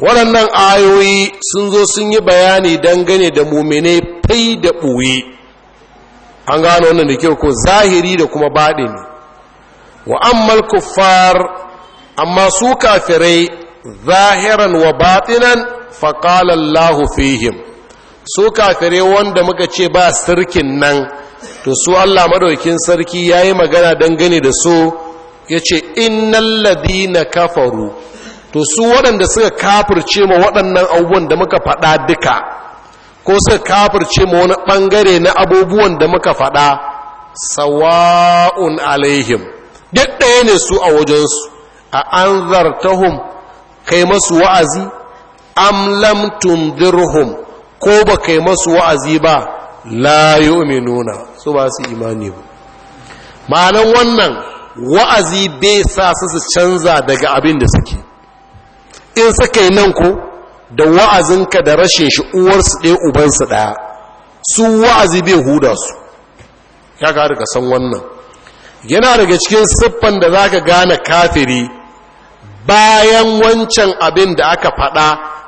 waɗannan ayoyi sun zo sun yi bayani dangane da mumine fai da ɓoye an gano wannan da kyau ko zahiri da kuma baɗini wa ammal kuffar amma su kafirai zahiran wa batinan faqala Allahu fihim su kafirai wanda muka ce ba sirkin nan to su Allah madaukin sarki yayi magana dangane da su yace innal ladina kafaru to su waɗanda suka kafirce ma waɗannan abubuwan da muka faɗa duka ko suka kafirce ma wani ɓangare na abubuwan da muka faɗa sawa'un alaihim duk ɗaya ne su a wajensu a an zartahum kai masu wa'azi an lam ko ba kai masu wa'azi ba la nuna, su ba su imani ba ma'anan wannan wa'azi bai sa su su canza daga abin da suke in suka yi nan ko da wa'azinka da rashin shi uwarsu ɗaya ubansu ɗaya su wa'azi bai huda su ya ka san wannan yana daga cikin siffan da za ka gane kafiri bayan wancan abin da aka faɗa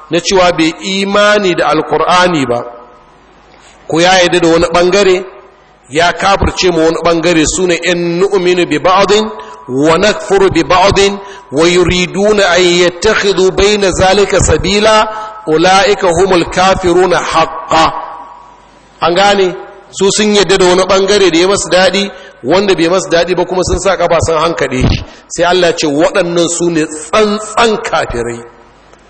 na cewa bai imani da alkur'ani ba Ku ya yi da wani ɓangare ya kafirce ma wani ɓangare su ne ‘yan nu'minu bi ba'adin wa nakfuru bi ba'adin wa yuriduna an yattakhidhu bayna zalika sabila ula'ika humul kafiruna haqqa an gane su sun yadda da wani bangare da ya masu daɗi wanda bai masu daɗi ba kuma sun sa ƙafa sun hankali. sai Allah ce waɗannan su ne tsantsan kafirai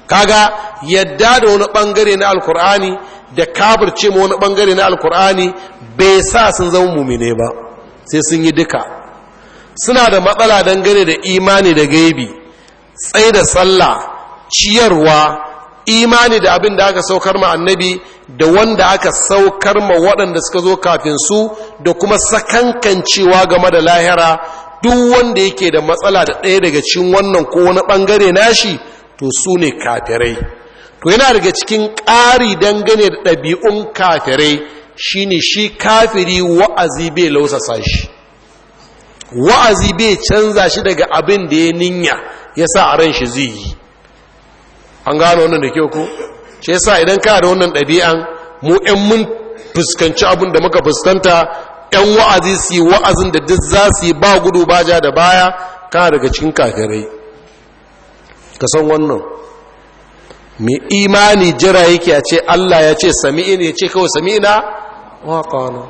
kaga yadda da wani bangare na alkur'ani da kafirce ma wani bangare na alkur'ani bai sa sun zama mumine ba sai sun yi duka suna da matsala dangane da imani da gaibi tsaye da sallah ciyarwa imani da abin da aka saukar ma annabi da wanda aka saukar ma waɗanda suka zo kafin su da kuma sakankancewa game da lahira duk wanda yake da matsala da ɗaya daga cikin wannan ko wani ɓangare nashi to su ne kafirai to yana daga cikin ƙari dangane da ɗabi'un kafirai shi ne shi kafiri wa'azi bai lausasa shi wa'azi bai canza shi daga abin da ya ninya ya sa a ran shi zai yi an gano wannan da kyau ko shi yasa idan ka da wannan ɗabi'an mu ɗan mun fuskanci abin da muka fuskanta ɗan wa'azi su yi wa'azin da duk za su yi ba gudu ba ja da baya ka daga cikin kakarai ka san wannan mai imani jira yake a ce allah ya ce sami ina ya ce kawai sami ina waƙana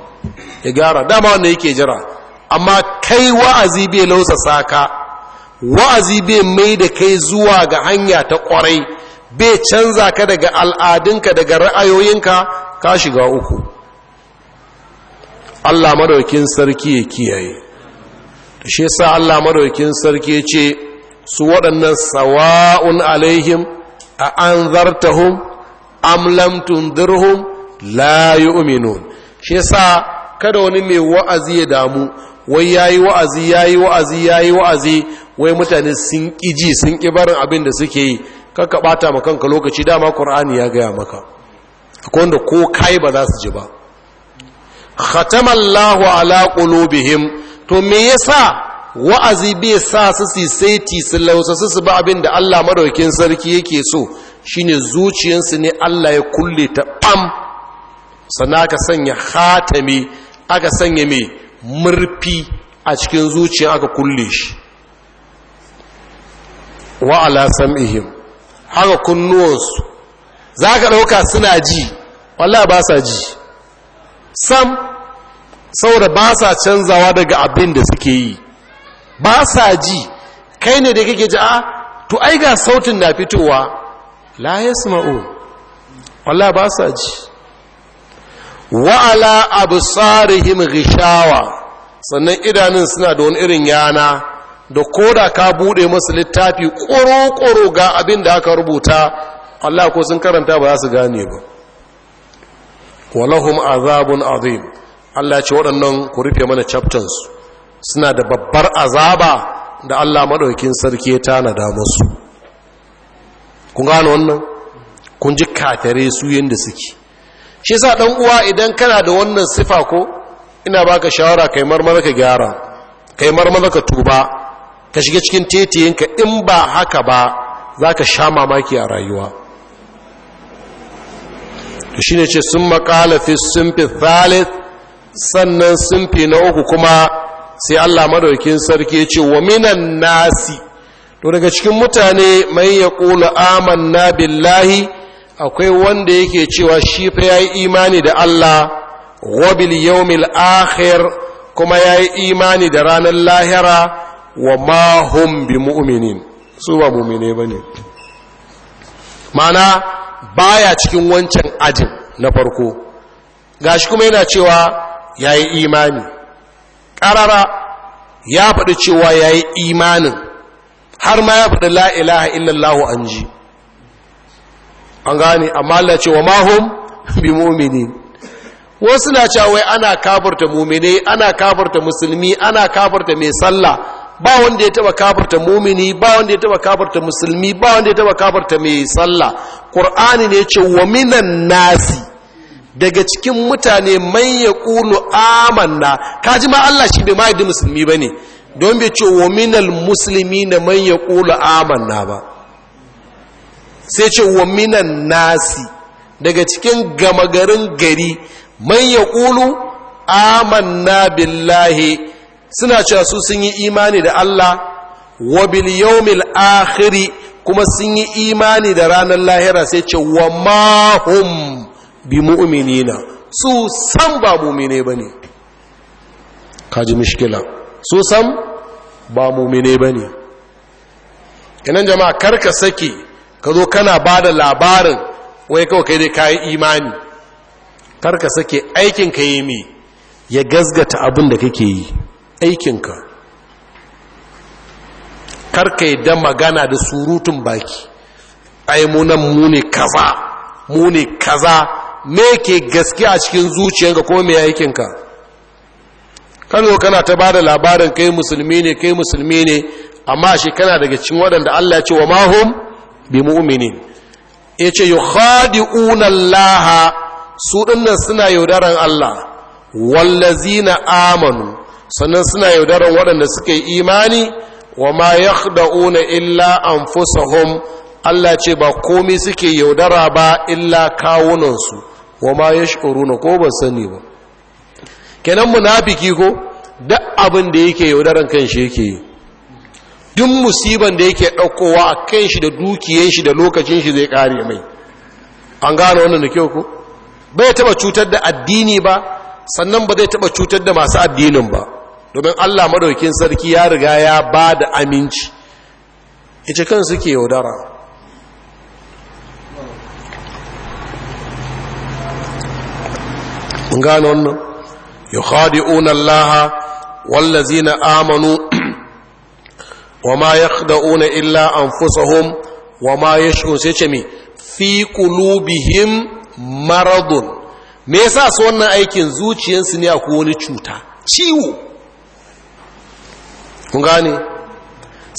ya gyara dama wanda yake jira amma kai wa'azi bai lausa saka wa'azi bai mai da kai zuwa ga hanya ta ƙwarai. bai canza ka daga al'adunka daga ra'ayoyinka ka shiga uku Allah madaukin sarki ya kiyaye shi sa Allah madaukin sarki ya ce su waɗannan sawa'un alaihim a an zartahun am lam tundirhum la shi sa kada wani mai wa'azi ya damu wai yayi wa'azi yayi wa'azi yayi wa'azi wai mutane sun ƙiji sun ƙi barin abin da suke yi kanka bata ma kanka lokaci dama qur'ani ya gaya maka akwai wanda ko kai ba za su ji ba khatamallahu ala qulubihim to me yasa wa'azi bai sa su si saiti su lausa su su ba abin da Allah madaukin sarki yake so shine zuciyarsu ne Allah ya kulle ta bam sana ka sanya hatami aka sanya mai murfi a cikin zuciya aka kulle shi wa ala sam'ihim haka kunnuwansu za ka ɗauka suna ji wallah ba sa ji sam saboda ba sa canzawa daga abin da suke yi ba sa ji kai ne da kake ji a ah, to ai ga sautin na fitowa la sama'o wallah ba sa ji wa'ala absarihim ghishawa sannan idanun suna da wani irin yana da koda ka bude masu littafi ƙoro-ƙoro ga abin da aka rubuta Allah ko sun karanta ba za su gane ba walahum azabun azim Allah ce waɗannan ku rufe mana chapters suna da babbar azaba da Allah maɗaukin sarki ya tanada musu kun gano wannan kun ji katare su yadda suke shi sa ɗan uwa idan kana da wannan sifa ko ina baka shawara kai marmara ka gyara kai marmara ka tuba ka shiga cikin tetiyinka in ba haka ba za ka sha mamaki a rayuwa da shi ne ce sun makala fi sunfi thalith sannan sunfi na uku kuma sai allah madaukin sarki ya ce wa minan nasi to daga cikin mutane mai ya ƙula na billahi akwai wanda yake cewa shi fa ya yi imani da allah wabil yawmil akhir kuma ya yi imani da ranar lahira wa ma bi mu'minin su ba mu'mine ne. mana baya cikin wancan ajin na farko gashi kuma yana cewa ya yi imani karara ya faɗi cewa ya yi imanin har ma ya faɗi la illallahu illallah an ji an gane amma Allah ce wa ma bi mu'minin wasu na cewa wai ana kafarta mumine ana kafarta musulmi ana kafarta mai sallah ba wanda ya taba kafarta mumini ba wanda ya taba kafarta musulmi ba wanda ya taba kafarta mai sallah qur'ani ne ce wa minan nasi daga cikin mutane man yaqulu amanna kaji ma Allah shi bai mai da musulmi bane don bai ce wa minal muslimina man yaqulu amanna ba sai ce wa minan nasi daga cikin gamagarin garin gari man yaqulu amanna billahi suna cewa su sun yi imani da Allah wa bil yawmil akhir kuma sun yi imani da ranar lahira sai ce wa ma hum bi mu'minina su san ba mu'mine bane kaji mushkila su san ba mu'mine bane kenan jama'a karka saki ka zo kana bada labarin wai kawai kai dai kayi imani karka saki, aikin ka yi me ya gazgata abin da kake yi aikinka yi da magana da surutun baki ai munan mu ne kaza mu ne kaza me ke gaske a cikin zuciyarka kuma me aikinka kano kana ta bada labarin kai musulmi ne kai musulmi ne amma shi kana daga cikin waɗanda Allah ya ce wa mahum bi mu'minin yace yukhadi'una Allah su dinnan suna yaudaran Allah wallazina amanu sannan suna yaudaran waɗanda suka yi imani wa ma da'una illa anfusahum Allah ce ba komai suke yaudara ba illa kawunansu wa ma yash'uruna ko ba sani ba kenan munafiki ko duk abin da yake yaudaran kanshi yake yi duk musiban da yake ɗaukowa a kan shi da dukiyen shi da lokacin shi zai ƙare mai an gano wannan da kyau ko bai taɓa cutar da addini ba sannan ba zai taɓa cutar da masu addinin ba domin Allah madaukin sarki ya riga ya ba da aminci ita kan suke yaudara gano wannan laha Allah wallazina amanu wama yakhda'una illa ma ya shi kunse ce mi fi kulubihim maradun me yasa su wannan aikin zuciyarsu ne akwai wani cuta ciwo kun gane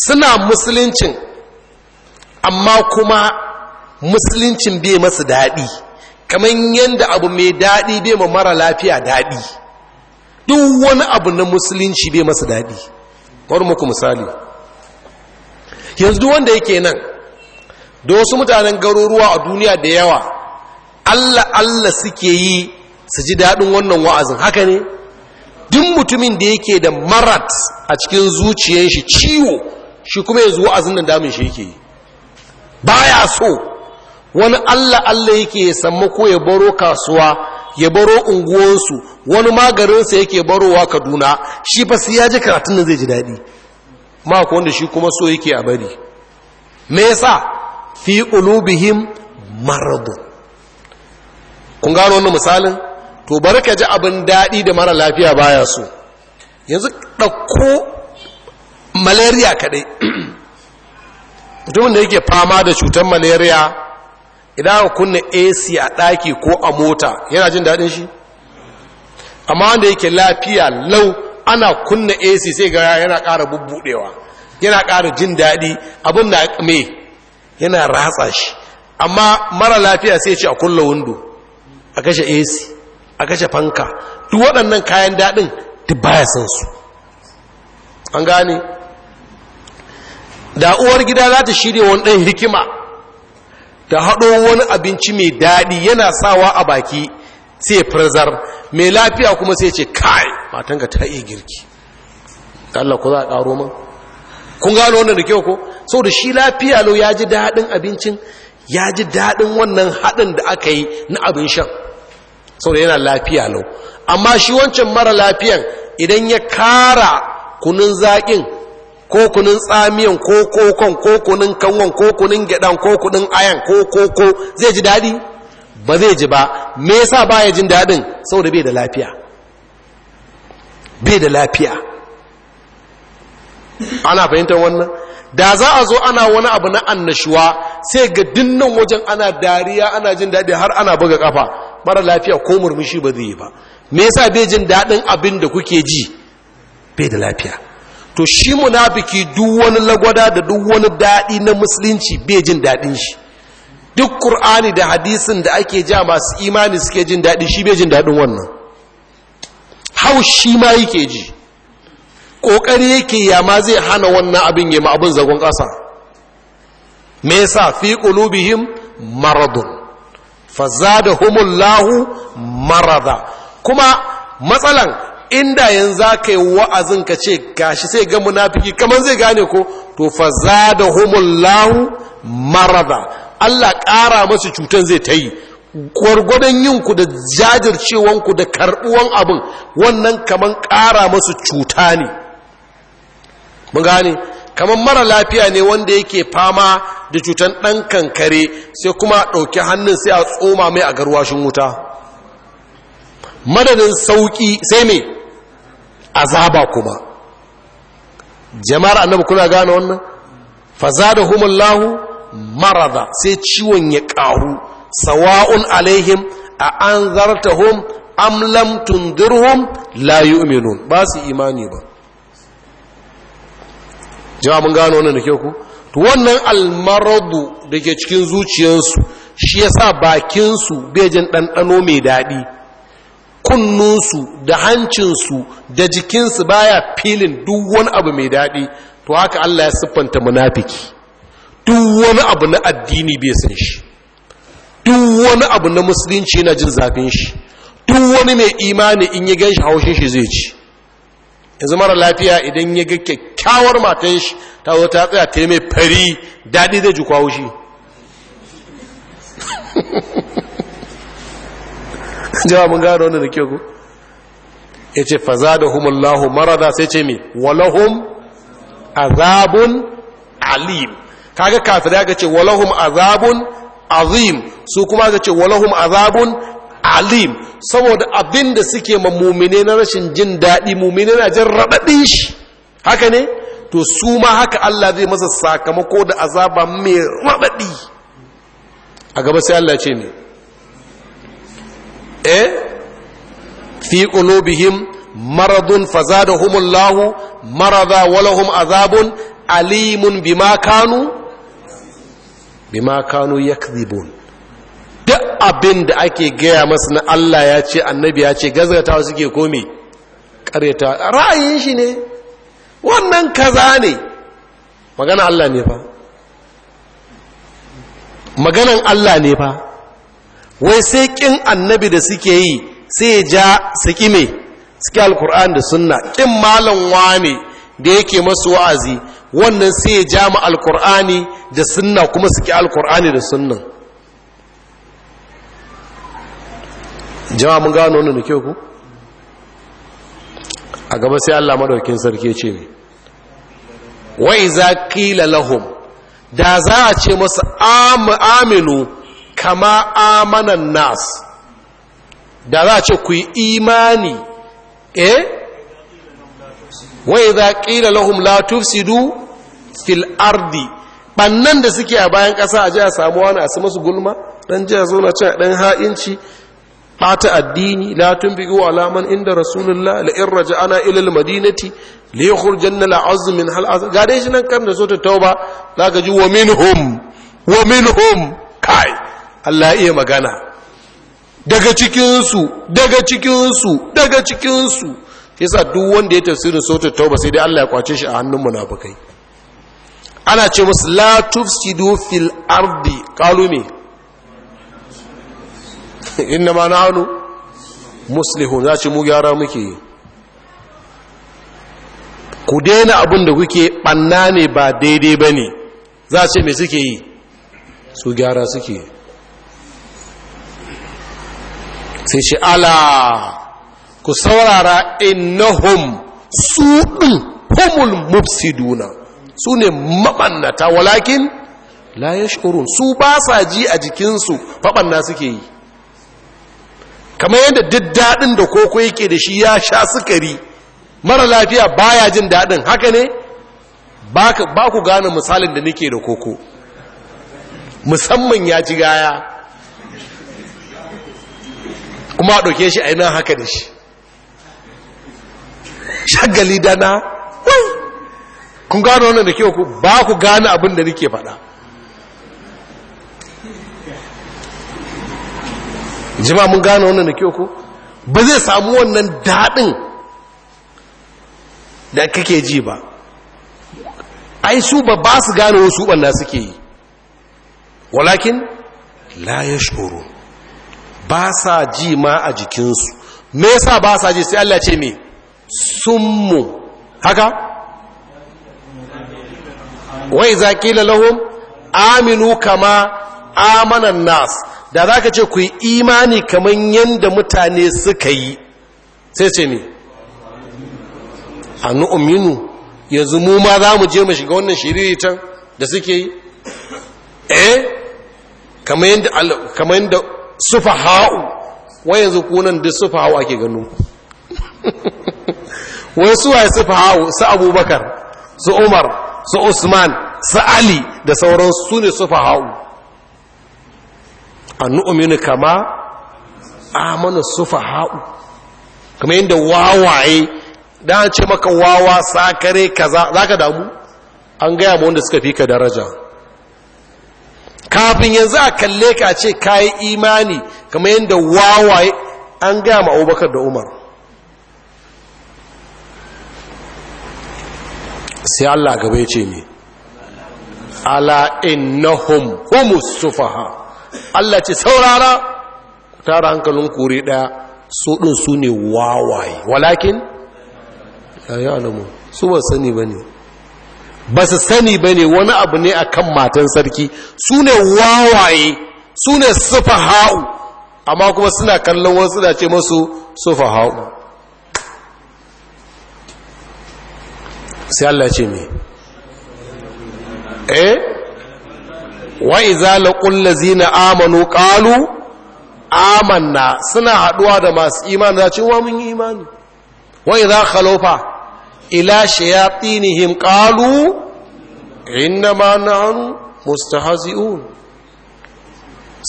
suna musuluncin amma kuma musuluncin bai masu daɗi kamar yadda abu mai daɗi bai ma mara lafiya daɗi duk wani abu na musulunci bai masu daɗi bari muku misali yanzu wanda yake nan da wasu mutanen garuruwa a duniya da yawa allah allah suke yi su ji daɗin wannan wa'azin haka ne duk mutumin da yake da marat a cikin zuciyar shi ciwo shi kuma yanzu wa'azin nan damin shi yake baya so wani Allah Allah yake ya samu ko ya baro kasuwa ya baro unguwansu wani magarinsa yake barowa Kaduna shi fa sai ya ji karatun nan zai ji daɗi ma ko wanda shi kuma so yake a bari me yasa fi qulubihim maradun? kun gano wannan misalin to bari ka ji abin daɗi da mara lafiya baya so yanzu ɗauko malaria kaɗai mutumin da yake fama da cutar malaria idan aka kunna ac a ɗaki ko a mota yana jin daɗin shi amma wanda yake lafiya lau ana kunna ac sai ga yana ƙara bubbuɗewa yana ƙara jin daɗi abin da me yana ratsa shi amma mara lafiya sai ce a kulla windo a kashe ac a kashe fanka duk waɗannan kayan daɗin duk baya san su an gane da gida za ta shirya wani ɗan hikima ta haɗo wani abinci mai daɗi yana sawa a baki sai farzar mai lafiya kuma sai ce kai matanka ta iya girki Allah ku za a ƙaro man kun gano wannan da kyau ko sau da shi lafiya lau ya ji daɗin abincin ya ji daɗin wannan haɗin da aka yi na abin shan sau yana lafiya lau amma shi wancan mara lafiyan idan ya kara kunun zaƙin ko kunun tsamiyan ko kokon ko kunun kanwan ko kunun gyaɗan ko kunun ayan ko koko zai ji daɗi ba zai ji ba me yasa ya jin daɗin sau da bai da lafiya bai da lafiya ana fahimtar wannan da za a zo ana wani abu na annashuwa sai ga dinnan wajen ana dariya ana jin daɗi har ana buga kafa mara lafiya ko murmushi ba zai yi ba me yasa bai jin daɗin abin da kuke ji bai da lafiya to shi munafiki duk wani lagwada da duk wani daɗi na musulunci bai jin daɗin shi duk qur'ani da hadisin da ake ja masu imani suke jin daɗi shi bai jin daɗin wannan hau shi ma yake ji ƙoƙari yake ya ma zai hana wannan abin yi ma abin zagon ƙasa me yasa fi ƙulubihim maradun humullahu marada kuma matsalan inda yanzu yi wa'azin ka ce gashi sai ga munafiki kamar zai gane ko to humullahu marada Allah ƙara masu cutan zai ta yi gwargwadon yinku da jajircewanku da karɓuwan abin wannan kamar ƙara masu cuta ne mun gane kamar mara lafiya ne wanda yake fama da cutar ɗan kankare sai kuma ɗauki hannun sai a tsoma mai a garwashin wuta madadin sauƙi sai mai azaba kuma jama'ar annabi kuna gane wannan da humullahu marada sai ciwon ya ƙaru sawa'un alaihim a an zartahum amlam lam tundirhum la ba su imani ba jama'a mun gano wannan da kyau ku to wannan almaradu da ke cikin zuciyarsu shi ya sa bakinsu bai ɗanɗano mai daɗi kunnunsu da hancinsu da jikinsu baya filin duk wani abu mai daɗi to haka Allah ya siffanta munafiki duk wani abu na addini bai san shi duk wani abu na musulunci na jin zafin shi duk wani mai imani in ya gan shi haushin shi zai ci yanzu mara lafiya idan ya ga kyakkyawar matan shi ta zo ta tsaya ta yi mai fari daɗi zai ji kwawo shi jawa mun gano wanda da ke ku ya ce faza da humullahu marada sai ce mai walahun azabun alim kaga kafin ya ga ce walahun azabun azim su kuma ga ce walahun azabun alim saboda abin da suke ma mumine na rashin jin daɗi mumine na jin raɗaɗi shi haka ne to su ma haka Allah zai masa sakamako da azaba mai raɗaɗi a gaba sai Allah ce ne eh fi qulubihim maradun fazadahumullahu marada walahum azabun alimun bima kanu bima kanu abin da ake gaya masu na Allah ya ce annabi ya ce gazgatawa suke komi karyata ra'ayin shi ne wannan kaza ne magana Allah ne fa maganan Allah ne fa wai sai kin annabi da suke yi sai ja su kime suke alkur'an da sunna kin malam wane da yake masu wa'azi wannan sai ya ja mu alkur'ani da sunna kuma suke alkur'ani da sunnan jama'a mun gano wannan da ku a gaba sai Allah madaukin sarki ya ce ne wai za kila lahum da za a ce masu aminu kama amanan nas da za a ce ku yi imani E? Eh? wai za kila lahum la tufsidu fil ardi bannan da suke a bayan ƙasa a ji a samu su masu gulma dan jiya a na cin a ɗan ha'inci bata addini la tunfiqu ala man inda rasulullah la in ana ila almadinati li yukhrijanna al'azm min hal ga shi nan kan da so ta tauba zaka ji wa minhum wa minhum kai Allah iya magana daga cikin su daga cikin daga cikin su yasa duk wanda ya tafsirin sota tauba sai dai Allah ya kwace shi a hannun munafikai ana ce musu la tufsidu fil ardi inna ma na'anu muslihun za ce mu gyara muke ku daina abun da kuke ɓanna ne ba daidai ba ne za ce mai suke yi su gyara suke sai shi ala ku saurara innahum su ɗin humul mufsiduna su ne maɓannata walakin la ya su ba sa ji a jikinsu faɓanna suke yi kamar yadda duk daɗin da koko yake da shi ya sha sukari mara lafiya baya jin daɗin haka ne ba ku gane misalin da nake da koko musamman ya ci gaya kuma a ɗauke shi ainihin haka da shi shagali dana kun gano wannan da kyau ku ba ku gane abin da nake faɗa jima mun gane wannan da kyau ko ba zai samu wannan daɗin da kake ji ba ai su ba ba su gane wasu ɓanna suke yi walakin la ya shoro ba sa ji ma a jikinsu me sa ba sa ji sai Allah ce me summu haka wai za kila aminu kama amanan nas da za ka ce ku yi imani kamar yadda mutane suka yi sai ce ne hannu umminu. yanzu mu ma za mu je mu shiga wannan shiriritan da suke yi eh kamar yadda sufa ha'u wa yanzu kunan duk sufa ha'u ake gano wai waye sufa ha'u su abubakar su umar su usman su ali da sauran su ne sufa ha'u an nu'minu kama sufa ha’u kuma yadda wawaye da an ce maka wawa sakare kaza ka damu an gaya ma wanda suka fi ka daraja kafin yanzu a kalle ka ce kayi imani kamar yadda wawaye an gaya ma abubakar da umar sai allah gaba ya ce ne ala innahum humus sufaha Allah ce saurara ku tara hankalin kuri daya su din su ne wawaye walakin ya alamu su ba sani bane ba su sani bane wani abu ne akan matan sarki su ne wawaye su ne ha'u amma kuma suna kallon wasu da ce masu ha'u sai Allah ce me eh wa iza laqul ladzina amanu qalu amanna suna haduwa da masu imani da cewa mun yi imani wa iza khalofa ila shayatinihim qalu innama nahnu mustahzi'un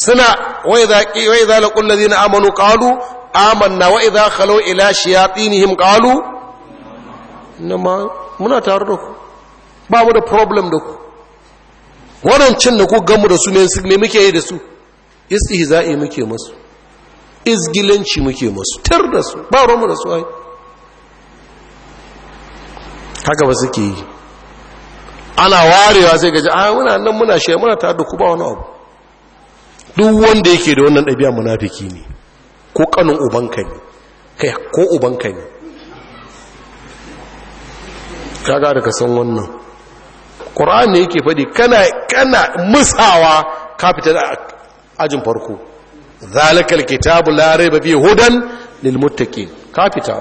suna wa iza wa iza laqul ladzina amanu qalu amanna wa iza khalaw ila shayatinihim qalu innama muna tare da ku ba mu da problem da ku waɗancan da ku gamu da su ne ne muke yi da su istihza'i muke masu izgilanci muke masu tar da su ba ruwanmu da su ai haka ba suke yi ana warewa sai gaji a ah, muna nan muna shi muna tare da ku ba wani abu duk wanda yake da wannan ɗabi'a munafiki ne ko kanin ubanka ne kai ko ubanka ne kaga da ka san wannan ƙura'an ne yake faɗi kana kana musawa ka fita da ajin farko zalikal kitabu Larai ba biyu hudan lil muttaqin ka fita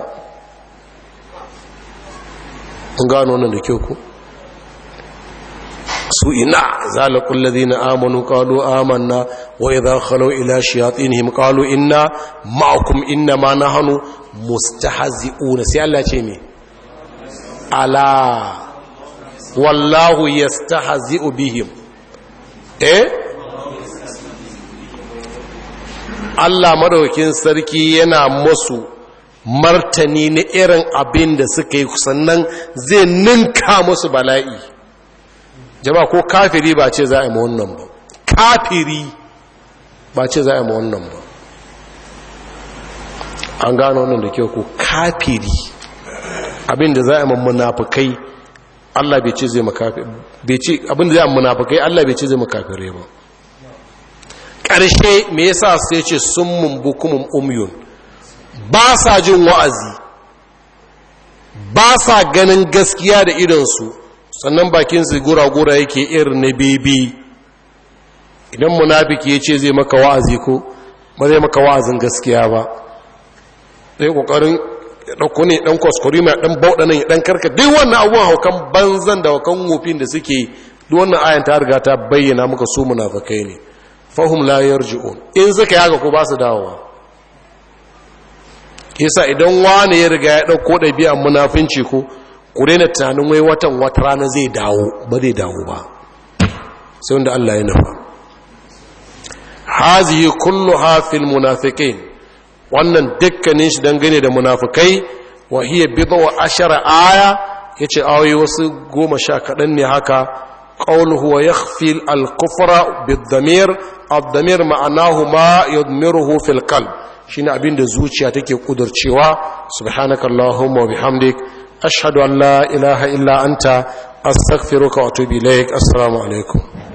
kun gano wannan da kyau ku su ina zalikul ladina amanu qalu amanna wa idha khalu ila shayatinihim kalu inna ma'akum inna ma na nahnu mustahzi'una sai Allah ce me ala wallahu yastahzi'u bihim eh Allah madaukin sarki yana musu martani na irin abin da suka yi sannan zai ninka musu bala'i jama'a ko kafiri ba ce za a yi wannan ba kafiri ba ce za a yi wannan ba an gano wannan da ke ku kafiri abin da za a yi munafukai Allah bai ce zai makafi bai ci abin da zai Allah bai ce zai makafire ba ƙarshe me yasa sai ce summun bukumun umyun ba sa jin wa'azi ba sa ganin gaskiya da su sannan bakin su gura-gura yake irin na bebe idan munafiki ya ce zai maka wa'azi ko ba zai maka wa'azin gaskiya ba sai kokarin. ya ɗauko ne ɗan kwaskwari mai ɗan bauɗa nan ya ɗan karka duk wannan abubuwan haukan banzan da haukan wofin da suke duk wannan ayan ta riga ta bayyana muka su munafakai ne fahum la yarji'un in suka yaga ko ba su dawowa yasa idan wani ya riga ya ɗauko ɗabi'an munafinci ko ku daina tunanin wai watan wata rana zai dawo ba zai dawo ba sai wanda Allah ya nufa hazihi kulluha fil munafiqin wannan dukkanin dangane da munafukai wahiya bi bidu wa ashara aya yace ayoyi wasu goma sha kaɗan ne haka qawlu huwa yakhfi al-kufra bid-damir ad-damir ma'anahu ma yudmiruhu fil qalb abinda zuciya take kudurcewa subhanaka allahumma wa bihamdik ashhadu an la ilaha illa anta astaghfiruka wa atubu ilaik assalamu alaikum